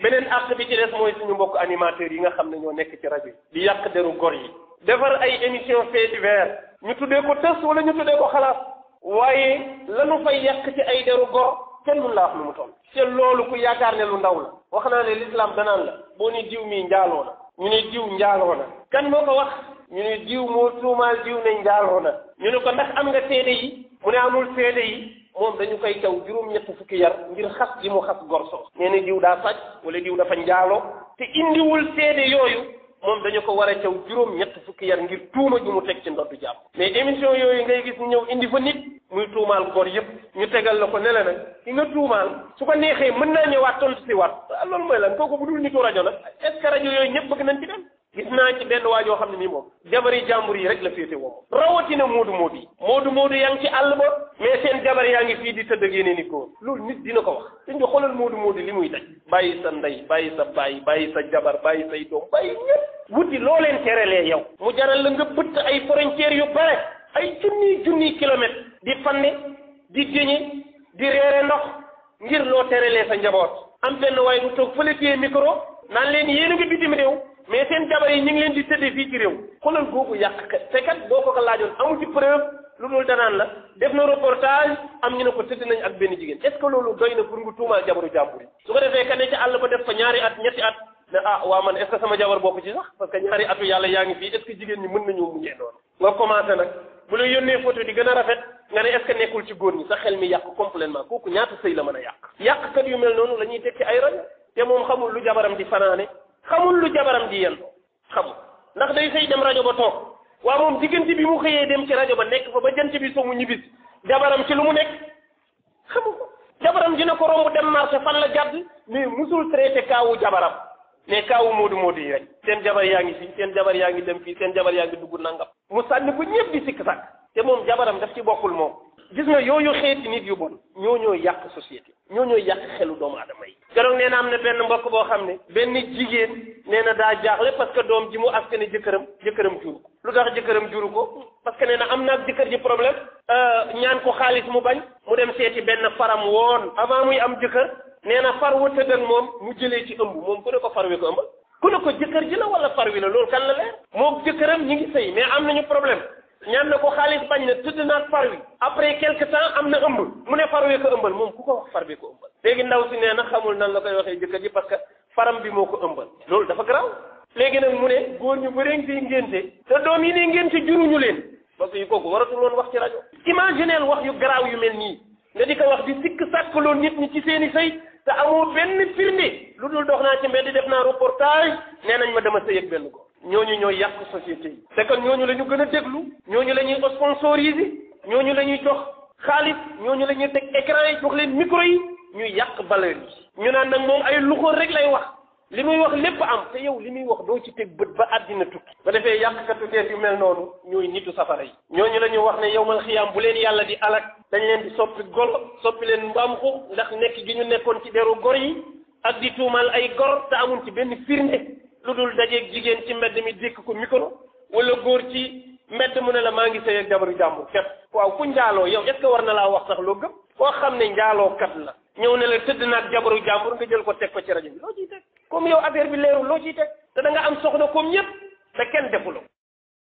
beneen ak bi ci def moy suñu mbokk animateur yi nga xamne ñoo nekk ci radio di yak deru gor yi defar ay émission fée divers ñu tuddé ko tës wala ñu tuddé ko xalaat waye lanu fay yak ci ay deru gor kenn mun la wax nu mu toll te loolu ku yaakar ne lu ndaw la wax na ne l'islam da danaan la bo ni diw mi njaaloo na ñu ne diw njaaloo na kan moko wax ñu ne diw mo tuumal diw ne njaaloo na ñu ne ko ndax am nga seede yi mu ne amul seede yi moom dañu koy caw juróom-ñett fukki yar ngir xas gi mu xas gorso nee na diw daa sàcc wala diw dafa njaalo te indiwul seede yooyu moom dañu ko war a caw juróom-ñett fukki yar ngir tuuma ju mu teg ci ndoddu jàpp mais émission yooyu ngay gis ñëw indi fa nit muy tuumaal gor yëpp ñu tegal la ko ne la nag ki nga tuumaal su ko neexee mën naa ñëwaat tontu si waat loolu mooy lan kooku bu dul nitu rajo nag est rajo yooyu ñëpp bëgg nañ ci dem gis naa ci benn waa yoo xam ne nii moom yi jàmbur yi rek la féete woo rawatina moodu moodu yi moodu moodu yaa ngi ci àll ba mais seen jabar yaa ngi fii di tëdd ak yeneen i góor loolu nit dina ko wax suñ bi xoolal moodu moodu li muy daj bàyyi sa ndey bàyyi sa baay bàyyi sa jabar bàyyi say doom bàyyi ñëpp wuti loo leen terelee yow mu jaral la nga bëtt ay frontières yu bare ay junniy junniy kilomètre di fande di jëñe di reere ndox ngir loo terelee sa njaboot am benn waaye mu toog fële téye micro naan leen yéen a ngi bitim réew mais seen jabar yi ñu ngi leen di tëddee fii ci réew xoolal googu yàq te kat boo ko ko laajoon amu ci preuve lu dul danaan la def na reportage am ñu ne ko tëdd nañ ak benn jigéen est ce que loolu doy na pour nga tuumaal jabaru jàmbur yi su ko defee kane ci àll ba def fa ñaari at ñetti at ne ah waa man est ce que sama jabar bokk ci sax parce que ñaari atu yàlla yaa ngi fii est ce que jigéen ñi mën nañoo muñee doon nga commencé nag bu la yónnee photo di gën a rafet nga ne ci góor ñi sa xel mi yàq complètement kooku ñaata sëy la mën a yàq yàqkat yu mel noonu la ñuy tekki ay roñ te moom xamul lu jabaram di fanaane xamul lu jabaram ji yendoo xamul ndax day sëy dem rajo ba toog waa moom diggante bi mu xëyee dem ci rajo ba nekk fa ba jant bi so mu ñibbis jabaram ci lu mu nekk xamul ko jabaram dina ko romb dem marché fan la jàdd mais musul traité kaawu jabaram mais kaawu moodu moo di rek seen jabar yaa ngi fii seen jabar yaa ngi dem fii seen jabar yaa ngi dugg nangam mu sànni ko ñëpp di sikk sàkk te moom jabaram def ci bokkul moom gis nga yooyu xeeti nit yu bon ñoo ñoo yàq société ñoo ñooy yàq xelu doomu adama yi keroog nee am na benn mbokk boo xam ne benn jigéen nee na daa jaaxle parce que doom ji mu askane jëkkëram jëkkëram juru ko lu tax jëkkëram juru ko parce que nee na am naag jëkkër ji problème euh, ñaan ko xaalis mu bañ mu dem seeti benn faram woon avant muy am jëkkër nee na far wa tëddan moom mu jëlee ci ëmb moom ku ne ko far wi ko ëmb ku ne ko jëkkër ji la wala far wi la loolu kan la leer moo jëkkëram ñi ngi sëy mais am na ñu problème ñaan na ko xaalis bañ na tëdd naag far wi après quelque temps am na ëmb mu ne far wi ko ëmbal moom ku ko wax far bi ko ëmbal léegi ndaw si nee na xamul nan la koy waxee jëkkër ji parce que faram bi moo ko ëmbal loolu dafa garaaw léegi nag mu ne góor ñu bëree fi ngénte te doom yi ne ngénte juruñu leen parce que yu kooku waratul woon wax ci rajo imagineel wax yu garaaw yu mel nii nga di ko wax di sikk sàkkaloo nit ñi ci seeni sëy te amoo benn firnde lu dul dox naa ci mbedd def naa reportage nee nañ ma dama sëy ak ko ñooñu ñooy yàq société yi te kon ñooñu la gën a déglu ñooñu la ñuy sponsoriser ñooñu lañuy ñuy jox xaalis ñooñu la ñuy teg écran yi jox leen micro yi ñuy yàq valeur yi ñu naan nag moom ay luxóor rek lay wax li muy wax lépp am te yow li muy wax doo ci teg bët ba àddina tukki ba defee yàqkatu deer yu mel noonu ñooy nitu safara yi ñooñu la ñu wax ne yow mal xiyaam bu leen yàlla di alak dañ leen di soppi golo soppi leen mbaam ko ndax nekk gi ñu nekkoon ci deru gor yi ak di tuumal ay gor te ci benn firnde lu dul dajeeg jigéen ci mbedd mi dékk ko micro wala góor ci mbedd mu ne la maa ngi sëy ak jabaru jàmbur képp waaw ku njaaloo yow est-ce war na laa wax sax loo gëm koo xam ne njaalookat la ñëw ne la tëdd naag jabaru jàmbur nga jël ko teg ko ci rajo bi loo ciy teg comme yow affaire bi leerul loo ciy teg te da nga am soxna comme ñëpp te kenn defuloo